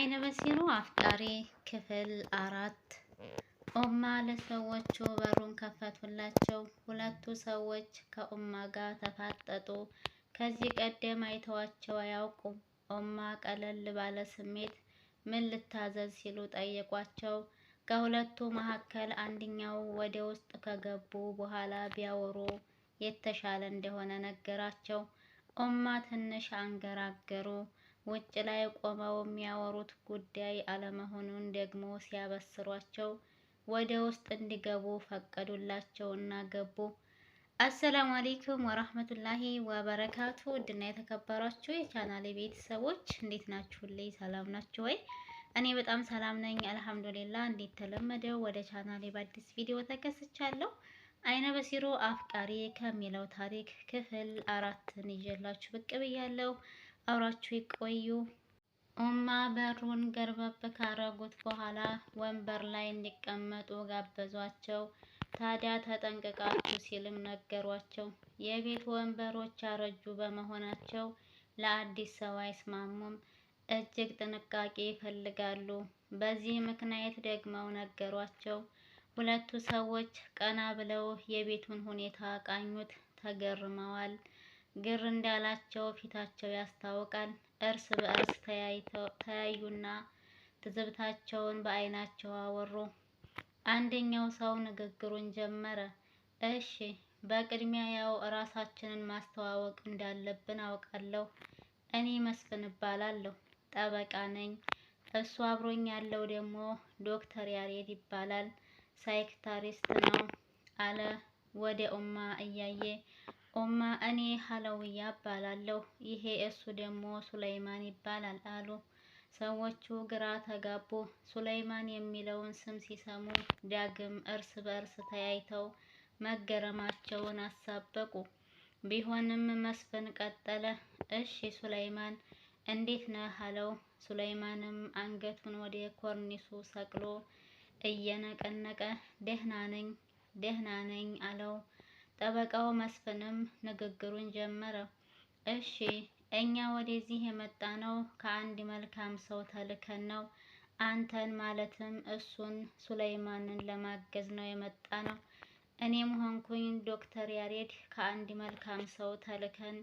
አይነ በሲሩ አፍቃሪ ክፍል አራት ኡማ ለሰዎቹ በሩን ከፈቱላቸው። ሁለቱ ሰዎች ከኡማ ጋር ተፋጠጡ። ከዚህ ቀደም አይተዋቸው አያውቁም። ኡማ ቀለል ባለ ስሜት ምን ልታዘዝ ሲሉ ጠየቋቸው። ከሁለቱ መካከል አንድኛው ወደ ውስጥ ከገቡ በኋላ ቢያወሩ የተሻለ እንደሆነ ነገራቸው። ኡማ ትንሽ አንገራገሩ። ውጭ ላይ ቆመው የሚያወሩት ጉዳይ አለመሆኑን ደግሞ ሲያበስሯቸው ወደ ውስጥ እንዲገቡ ፈቀዱላቸው እና ገቡ። አሰላሙ አሌይኩም ወራህመቱላሂ ወበረካቱ። ውድና የተከበራችሁ የቻናሌ ቤተሰቦች እንዴት ናችሁልኝ? ሰላም ናችሁ ወይ? እኔ በጣም ሰላም ነኝ አልሐምዱሊላ። እንዴት ተለመደው ወደ ቻናሌ በአዲስ ቪዲዮ ተከስቻለሁ። አይነ በሲሮ አፍቃሪ ከሚለው ታሪክ ክፍል አራትን ይዤላችሁ ብቅ ብያለሁ። አብራችሁ ይቆዩ። ኡማ በሩን ገርበብ ካረጉት በኋላ ወንበር ላይ እንዲቀመጡ ጋበዟቸው። ታዲያ ተጠንቅቃችሁ ሲልም ነገሯቸው። የቤት ወንበሮች ያረጁ በመሆናቸው ለአዲስ ሰው አይስማሙም፣ እጅግ ጥንቃቄ ይፈልጋሉ። በዚህ ምክንያት ደግመው ነገሯቸው። ሁለቱ ሰዎች ቀና ብለው የቤቱን ሁኔታ ቃኙት፣ ተገርመዋል። ግር እንዳላቸው ፊታቸው ያስታውቃል። እርስ በእርስ ተያዩና ትዝብታቸውን በአይናቸው አወሩ። አንደኛው ሰው ንግግሩን ጀመረ። እሺ በቅድሚያ ያው እራሳችንን ማስተዋወቅ እንዳለብን አውቃለሁ። እኔ መስፍን እባላለሁ፣ ጠበቃ ነኝ። እሱ አብሮኝ ያለው ደግሞ ዶክተር ያሬድ ይባላል፣ ሳይክታሪስት ነው አለ ወደ ኡማ እያየ ኡማ እኔ ሀለውያ እባላለሁ ይሄ እሱ ደግሞ ሱለይማን ይባላል አሉ። ሰዎቹ ግራ ተጋቡ። ሱለይማን የሚለውን ስም ሲሰሙ ዳግም እርስ በእርስ ተያይተው መገረማቸውን አሳበቁ። ቢሆንም መስፍን ቀጠለ። እሺ ሱለይማን እንዴት ነህ አለው። ሱለይማንም አንገቱን ወደ ኮርኒሱ ሰቅሎ እየነቀነቀ ደህና ነኝ ደህና ነኝ አለው። ጠበቃው መስፍንም ንግግሩን ጀመረ። እሺ እኛ ወደዚህ የመጣ ነው ከአንድ መልካም ሰው ተልከን ነው። አንተን ማለትም እሱን ሱለይማንን ለማገዝ ነው የመጣ ነው። እኔም ሆንኩኝ ዶክተር ያሬድ ከአንድ መልካም ሰው ተልከን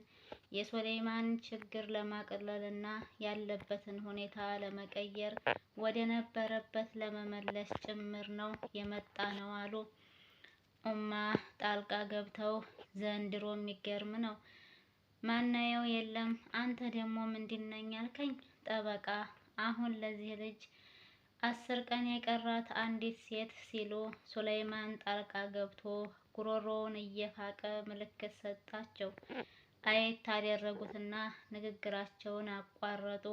የሱለይማን ችግር ለማቅለልና ያለበትን ሁኔታ ለመቀየር ወደ ነበረበት ለመመለስ ጭምር ነው የመጣ ነው አሉ። ኡማ ጣልቃ ገብተው ዘንድሮ የሚገርም ነው ማናየው የለም። አንተ ደግሞ ምንድን ነኝ አልከኝ? ጠበቃ አሁን ለዚህ ልጅ አስር ቀን የቀራት አንዲት ሴት ሲሉ ሱለይማን ጣልቃ ገብቶ ጉሮሮውን እየፋቀ ምልክት ሰጣቸው። አየት ታደረጉትና ንግግራቸውን አቋረጡ።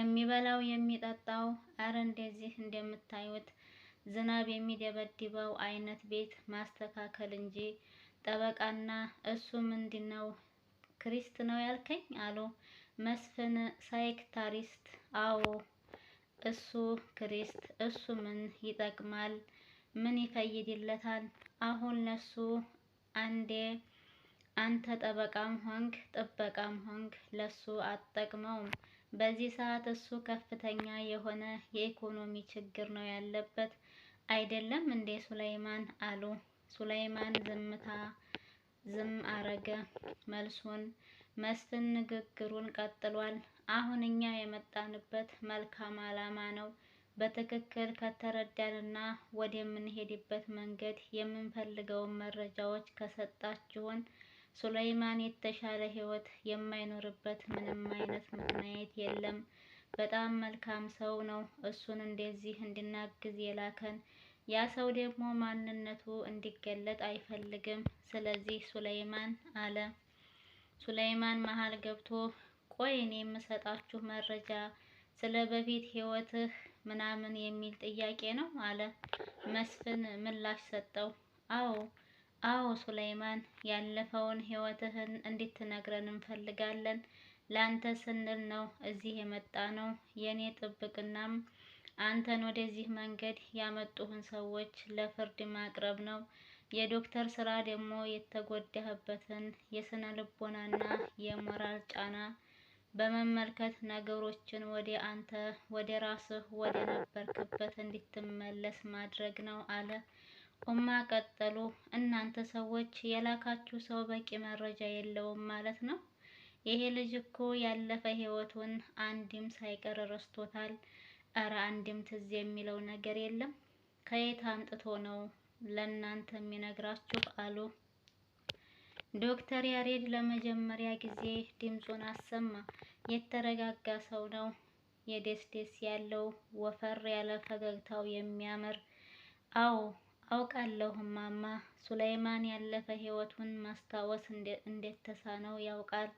የሚበላው የሚጠጣው፣ አረ እንደዚህ እንደምታዩት ዝናብ የሚደበድበው አይነት ቤት ማስተካከል እንጂ ጠበቃና እሱ ምንድን ነው ክሪስት ነው ያልከኝ? አሉ መስፍን ሳይክታሪስት። አዎ እሱ ክሪስት። እሱ ምን ይጠቅማል? ምን ይፈይድለታል? አሁን ለሱ አንዴ አንተ ጠበቃም ሆንክ ጥበቃም ሆንክ ለሱ አትጠቅመውም። በዚህ ሰዓት እሱ ከፍተኛ የሆነ የኢኮኖሚ ችግር ነው ያለበት አይደለም እንዴ ሱላይማን አሉ። ሱላይማን ዝምታ ዝም አረገ። መልሱን መስፍን ንግግሩን ቀጥሏል። አሁን እኛ የመጣንበት መልካም አላማ ነው። በትክክል ከተረዳንና ወደ የምንሄድበት መንገድ የምንፈልገውን መረጃዎች ከሰጣችሁን ሱለይማን የተሻለ ህይወት የማይኖርበት ምንም አይነት ምክንያት የለም። በጣም መልካም ሰው ነው። እሱን እንደዚህ እንድናግዝ የላከን ያ ሰው ደግሞ ማንነቱ እንዲገለጥ አይፈልግም። ስለዚህ ሱለይማን አለ። ሱለይማን መሀል ገብቶ ቆይ እኔ የምሰጣችሁ መረጃ ስለ በፊት ህይወትህ ምናምን የሚል ጥያቄ ነው አለ። መስፍን ምላሽ ሰጠው። አዎ አዎ ሱለይማን፣ ያለፈውን ህይወትህን እንድትነግረን እንፈልጋለን። ላንተ ስንል ነው እዚህ የመጣ ነው። የኔ ጥብቅናም አንተን ወደዚህ መንገድ ያመጡህን ሰዎች ለፍርድ ማቅረብ ነው። የዶክተር ስራ ደግሞ የተጎዳህበትን የስነ ልቦናና የሞራል ጫና በመመልከት ነገሮችን ወደ አንተ ወደ ራስህ ወደ ነበርክበት እንድትመለስ ማድረግ ነው አለ። ኡማ ቀጠሉ። እናንተ ሰዎች የላካችሁ ሰው በቂ መረጃ የለውም ማለት ነው። ይሄ ልጅ እኮ ያለፈ ህይወቱን አንድም ሳይቀር ረስቶታል። እረ አንድም ትዝ የሚለው ነገር የለም። ከየት አምጥቶ ነው ለእናንተ የሚነግራችሁ? አሉ ዶክተር ያሬድ ለመጀመሪያ ጊዜ ድምፁን አሰማ። የተረጋጋ ሰው ነው። የደስ ደስ ያለው ወፈር ያለ ፈገግታው የሚያምር አዎ አውቃለሁ ማማ ሱላይማን ያለፈ ህይወቱን ማስታወስ እንዴት ተሳነው ያውቃል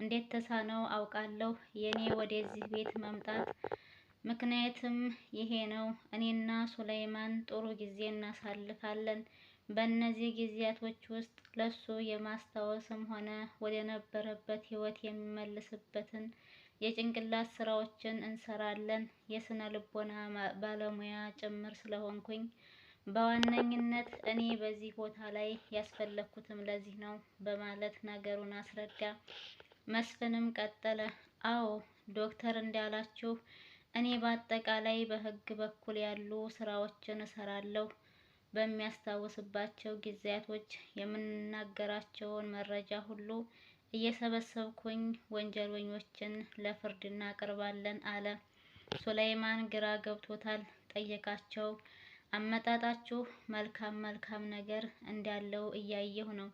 እንዴት ተሳነው አውቃለሁ። የኔ ወደዚህ ቤት መምጣት ምክንያትም ይሄ ነው። እኔና ሱላይማን ጥሩ ጊዜ እናሳልፋለን። በእነዚህ ጊዜያቶች ውስጥ ለሱ የማስታወስም ሆነ ወደ ነበረበት ህይወት የሚመልስበትን የጭንቅላት ስራዎችን እንሰራለን። የስነ ልቦና ባለሙያ ጭምር ስለሆንኩኝ በዋነኝነት እኔ በዚህ ቦታ ላይ ያስፈለግኩትም ለዚህ ነው በማለት ነገሩን አስረዳ። መስፍንም ቀጠለ። አዎ ዶክተር እንዳላችሁ እኔ በአጠቃላይ በህግ በኩል ያሉ ስራዎችን እሰራለሁ። በሚያስታውስባቸው ጊዜያቶች የምናገራቸውን መረጃ ሁሉ እየሰበሰብኩኝ ወንጀለኞችን ለፍርድ እናቀርባለን አለ። ሱላይማን ግራ ገብቶታል። ጠየቃቸው። አመጣጣችሁ መልካም መልካም ነገር እንዳለው እያየሁ ነው፣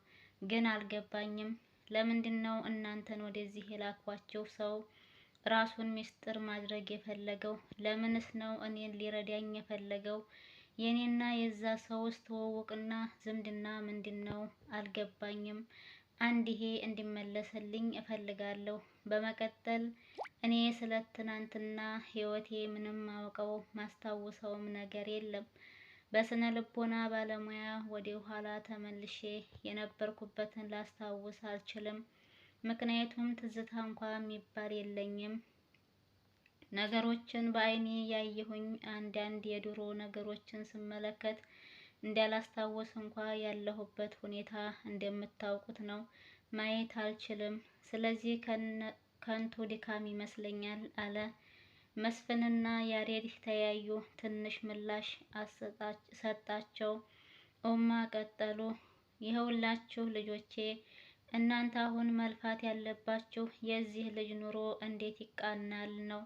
ግን አልገባኝም። ለምንድን ነው እናንተን ወደዚህ የላኳቸው? ሰው ራሱን ምስጢር ማድረግ የፈለገው ለምንስ ነው? እኔን ሊረዳኝ የፈለገው የእኔና የዛ ሰው ትውውቅና ዝምድና ምንድን ነው? አልገባኝም። አንድ ይሄ እንዲመለስልኝ እፈልጋለሁ። በመቀጠል እኔ ስለ ትናንትና ህይወቴ ምንም ማውቀው ማስታውሰውም ነገር የለም። በስነ ልቦና ባለሙያ ወደ ኋላ ተመልሼ የነበርኩበትን ላስታውስ አልችልም። ምክንያቱም ትዝታ እንኳ የሚባል የለኝም። ነገሮችን በአይኔ ያየሁኝ አንዳንድ የድሮ ነገሮችን ስመለከት እንዳላስታውስ እንኳ ያለሁበት ሁኔታ እንደምታውቁት ነው። ማየት አልችልም። ስለዚህ ከንቱ ድካም ይመስለኛል አለ መስፍንና ያሬድ ተያዩ። ትንሽ ምላሽ ሰጣቸው። ኦማ ቀጠሉ። ይኸውላችሁ ልጆቼ እናንተ አሁን መልፋት ያለባችሁ የዚህ ልጅ ኑሮ እንዴት ይቃናል ነው።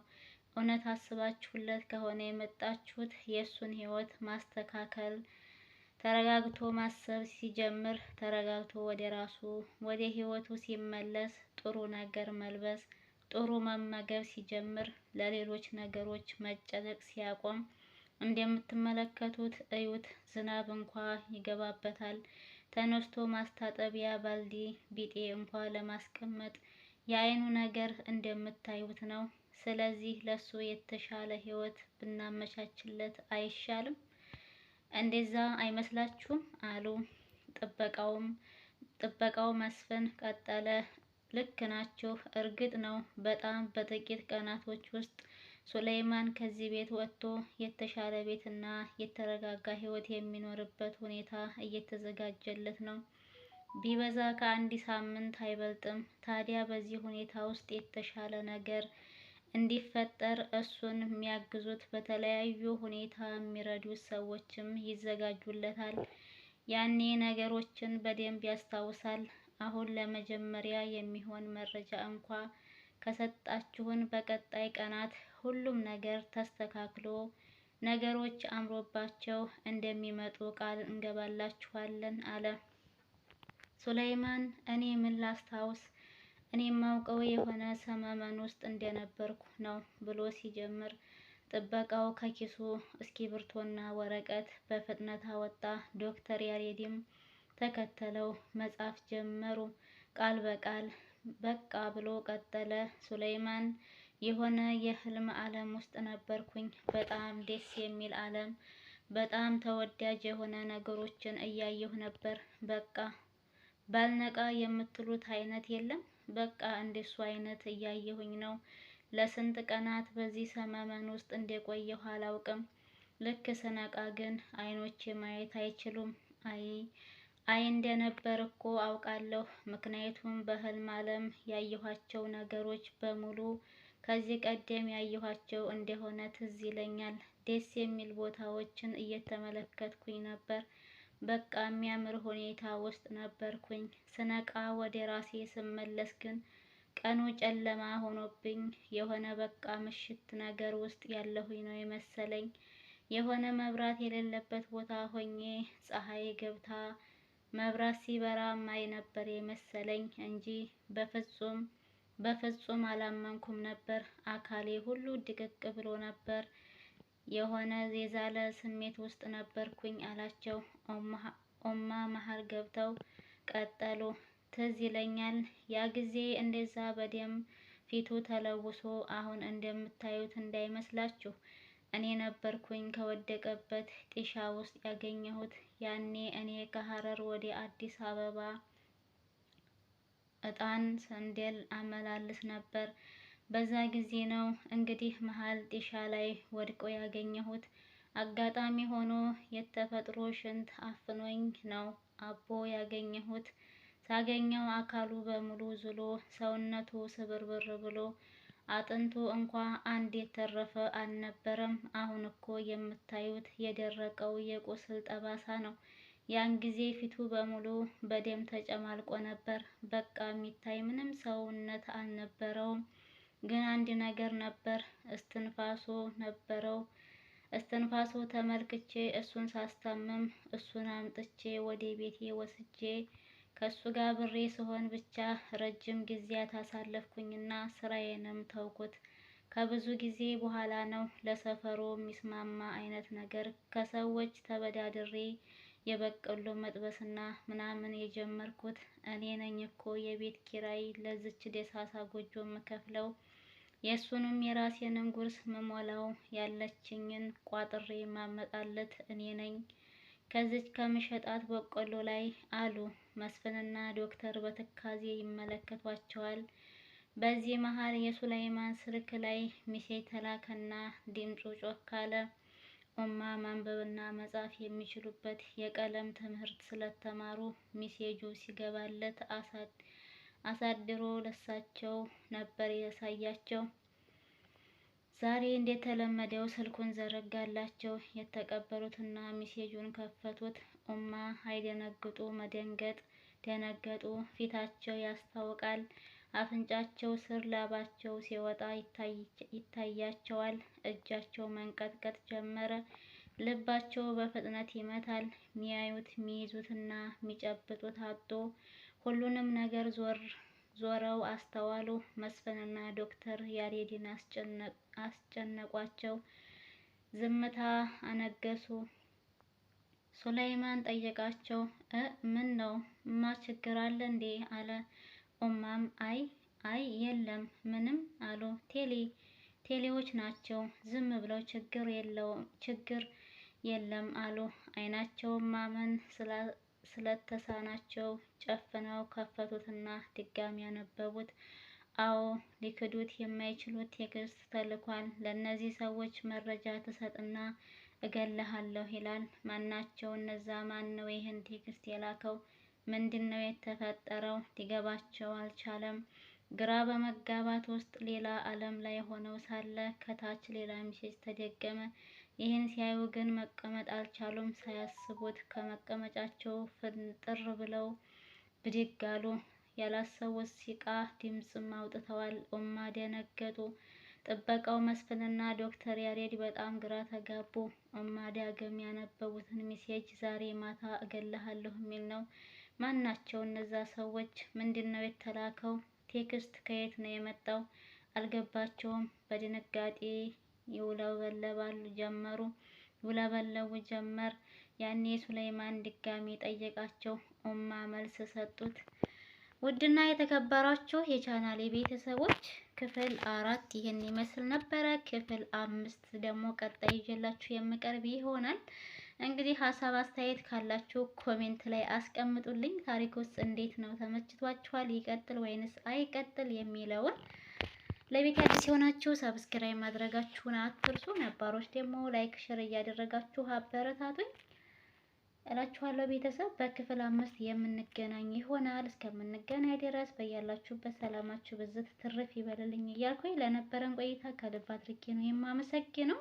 እውነት አስባችሁለት ከሆነ የመጣችሁት የእሱን ሕይወት ማስተካከል ተረጋግቶ ማሰብ ሲጀምር ተረጋግቶ ወደ ራሱ ወደ ሕይወቱ ሲመለስ ጥሩ ነገር መልበስ ጥሩ መመገብ ሲጀምር ለሌሎች ነገሮች መጨነቅ ሲያቆም እንደምትመለከቱት እዩት። ዝናብ እንኳ ይገባበታል። ተነስቶ ማስታጠቢያ ባልዲ ቢጤ እንኳ ለማስቀመጥ የአይኑ ነገር እንደምታዩት ነው። ስለዚህ ለሱ የተሻለ ህይወት ብናመቻችለት አይሻልም? እንደዛ አይመስላችሁም? አሉ። ጥበቃው መስፍን ቀጠለ። ልክ ናቸው እርግጥ ነው በጣም በጥቂት ቀናቶች ውስጥ ሱለይማን ከዚህ ቤት ወጥቶ የተሻለ ቤትና የተረጋጋ ህይወት የሚኖርበት ሁኔታ እየተዘጋጀለት ነው። ቢበዛ ከአንድ ሳምንት አይበልጥም። ታዲያ በዚህ ሁኔታ ውስጥ የተሻለ ነገር እንዲፈጠር እሱን የሚያግዙት በተለያዩ ሁኔታ የሚረዱት ሰዎችም ይዘጋጁለታል። ያኔ ነገሮችን በደንብ ያስታውሳል። አሁን ለመጀመሪያ የሚሆን መረጃ እንኳ ከሰጣችሁን በቀጣይ ቀናት ሁሉም ነገር ተስተካክሎ ነገሮች አምሮባቸው እንደሚመጡ ቃል እንገባላችኋለን አለ። ሱለይማን እኔ ምን ላስታውስ፣ እኔ የማውቀው የሆነ ሰመመን ውስጥ እንደነበርኩ ነው ብሎ ሲጀምር ጥበቃው ከኪሱ እስኪብርቶና ወረቀት በፍጥነት አወጣ። ዶክተር ያሬድም ተከተለው መጻፍ ጀመሩ። ቃል በቃል በቃ ብሎ ቀጠለ። ሱለይማን የሆነ የህልም ዓለም ውስጥ ነበርኩኝ። በጣም ደስ የሚል ዓለም፣ በጣም ተወዳጅ የሆነ ነገሮችን እያየሁ ነበር። በቃ ባልነቃ የምትሉት አይነት የለም። በቃ እንደሱ አይነት እያየሁኝ ነው። ለስንት ቀናት በዚህ ሰመመን ውስጥ እንደቆየሁ አላውቅም። ልክ ስነቃ ግን አይኖቼ ማየት አይችሉም። አይ አይ እንደነበር እኮ አውቃለሁ። ምክንያቱም በህልም ዓለም ያየኋቸው ነገሮች በሙሉ ከዚህ ቀደም ያየኋቸው እንደሆነ ትዝ ይለኛል። ደስ የሚል ቦታዎችን እየተመለከትኩኝ ነበር። በቃ የሚያምር ሁኔታ ውስጥ ነበርኩኝ። ስነቃ ወደ ራሴ ስመለስ ግን ቀኑ ጨለማ ሆኖብኝ የሆነ በቃ ምሽት ነገር ውስጥ ያለሁኝ ነው የመሰለኝ። የሆነ መብራት የሌለበት ቦታ ሆኜ ፀሐይ ገብታ መብራት ሲበራ ማይ ነበር የመሰለኝ እንጂ በፍጹም በፍጹም አላመንኩም ነበር። አካሌ ሁሉ ድቅቅ ብሎ ነበር። የሆነ የዛለ ስሜት ውስጥ ነበርኩኝ አላቸው። ኦማ መሀል ገብተው ቀጠሉ። ትዝ ይለኛል ያ ጊዜ እንደዛ በደም ፊቱ ተለውሶ አሁን እንደምታዩት እንዳይመስላችሁ እኔ ነበርኩኝ ከወደቀበት ጢሻ ውስጥ ያገኘሁት። ያኔ እኔ ከሀረር ወደ አዲስ አበባ እጣን ሰንደል አመላልስ ነበር። በዛ ጊዜ ነው እንግዲህ መሀል ጢሻ ላይ ወድቆ ያገኘሁት። አጋጣሚ ሆኖ የተፈጥሮ ሽንት አፍኖኝ ነው አቦ ያገኘሁት። ሳገኘው አካሉ በሙሉ ዝሎ ሰውነቱ ስብርብር ብሎ አጥንቱ እንኳ አንድ የተረፈ አልነበረም። አሁን እኮ የምታዩት የደረቀው የቁስል ጠባሳ ነው። ያን ጊዜ ፊቱ በሙሉ በደም ተጨማልቆ ነበር። በቃ የሚታይ ምንም ሰውነት አልነበረውም። ግን አንድ ነገር ነበር፣ እስትንፋሶ ነበረው። እስትንፋሶ ተመልክቼ እሱን ሳስታምም እሱን አምጥቼ ወደ ቤቴ ወስጄ ከሱ ጋር ብሬ ስሆን ብቻ ረጅም ጊዜያት አሳለፍኩኝና ስራዬንም ተውኩት። ከብዙ ጊዜ በኋላ ነው ለሰፈሩ የሚስማማ አይነት ነገር ከሰዎች ተበዳድሬ የበቀሉ መጥበስና ምናምን የጀመርኩት። እኔ ነኝ እኮ የቤት ኪራይ ለዝች ደሳሳ ጎጆ የምከፍለው፣ የእሱንም የራሴንም ጉርስ ምሞላው፣ ያለችኝን ቋጥሬ ማመጣለት እኔ ነኝ። ከዚች ከምሸጣት በቆሎ ላይ አሉ መስፍንና ዶክተር በትካዜ ይመለከቷቸዋል። በዚህ መሀል የሱላይማን ስልክ ላይ ሚሴጅ ተላከና ድምፁ ጮክ አለ። ኡማ ማንበብና መጻፍ የሚችሉበት የቀለም ትምህርት ስለተማሩ ሚሴጁ ሲገባለት አሳድሮ ለሳቸው ነበር ያሳያቸው። ዛሬ እንደተለመደው ስልኩን ዘረጋላቸው። የተቀበሉትና ሚሴጁን ከፈቱት። ኡማ አይደነግጡ መደንገጥ ደነገጡ። ፊታቸው ያስታውቃል። አፍንጫቸው ስር ላባቸው ሲወጣ ይታያቸዋል። እጃቸው መንቀጥቀጥ ጀመረ። ልባቸው በፍጥነት ይመታል። ሚያዩት ሚይዙትና ሚጨብጡት አጡ። ሁሉንም ነገር ዞር ዞረው አስተዋሉ። መስፍንና ዶክተር ያሬድን አስጨነቋቸው። ዝምታ አነገሱ። ሱላይማን ጠየቃቸው፣ ምን ነው? ማ ችግር አለ እንዴ? አለ ኦማም አይ አይ የለም ምንም አሉ ቴሌ ቴሌዎች ናቸው ዝም ብለው ችግር የለው ችግር የለም አሉ። አይናቸው ማመን ስለተሳናቸው ጨፍነው ከፈቱትና ድጋሚ ያነበቡት። አዎ ሊክዱት የማይችሉት ቴክስት ተልኳል። ለእነዚህ ሰዎች መረጃ ትሰጥና እገልሃለሁ ይላል። ማናቸው? እነዛ ማን ነው ይህን ቴክስት የላከው? ምንድን ነው የተፈጠረው ሊገባቸው አልቻለም። ግራ በመጋባት ውስጥ ሌላ ዓለም ላይ ሆነው ሳለ ከታች ሌላ ሚሴጅ ተደገመ። ይህን ሲያዩ ግን መቀመጥ አልቻሉም። ሳያስቡት ከመቀመጫቸው ፍንጥር ብለው ብድግ አሉ። ያላሰቡት ሲቃ ድምፅም አውጥተዋል። ኡማ ደነገጡ። ጥበቃው መስፍንና ዶክተር ያሬድ በጣም ግራ ተጋቡ። ኡማ ዳግም ያነበቡትን ሚሴጅ ዛሬ ማታ እገለሃለሁ የሚል ነው። ማን ናቸው እነዛ ሰዎች? ምንድን ነው የተላከው? ቴክስት ከየት ነው የመጣው? አልገባቸውም። በድንጋጤ ይውለበለባሉ ጀመሩ ይውለበለቡ ጀመር። ያኔ ሱለይማን ድጋሚ ጠየቃቸው። ኡማ መልስ ሰጡት። ውድና የተከበራችሁ የቻናል ቤተሰቦች ክፍል አራት ይህን ይመስል ነበረ። ክፍል አምስት ደግሞ ቀጣይ ይዤላችሁ የምቀርብ ይሆናል። እንግዲህ ሀሳብ አስተያየት ካላችሁ ኮሜንት ላይ አስቀምጡልኝ። ታሪክ ውስጥ እንዴት ነው ተመችቷችኋል? ይቀጥል ወይንስ አይቀጥል የሚለውን ለቤት አዲስ የሆናችሁ ሰብስክራይብ ማድረጋችሁን አትርሱ። ነባሮች ደግሞ ላይክ፣ ሽር እያደረጋችሁ አበረታቱኝ እላችኋለሁ። ቤተሰብ በክፍል አምስት የምንገናኝ ይሆናል። እስከምንገናኝ ድረስ በያላችሁበት ሰላማችሁ ብዝት ትርፍ ይበልልኝ እያልኩኝ ለነበረን ቆይታ ከልብ አድርጌ ነው የማመሰግነው።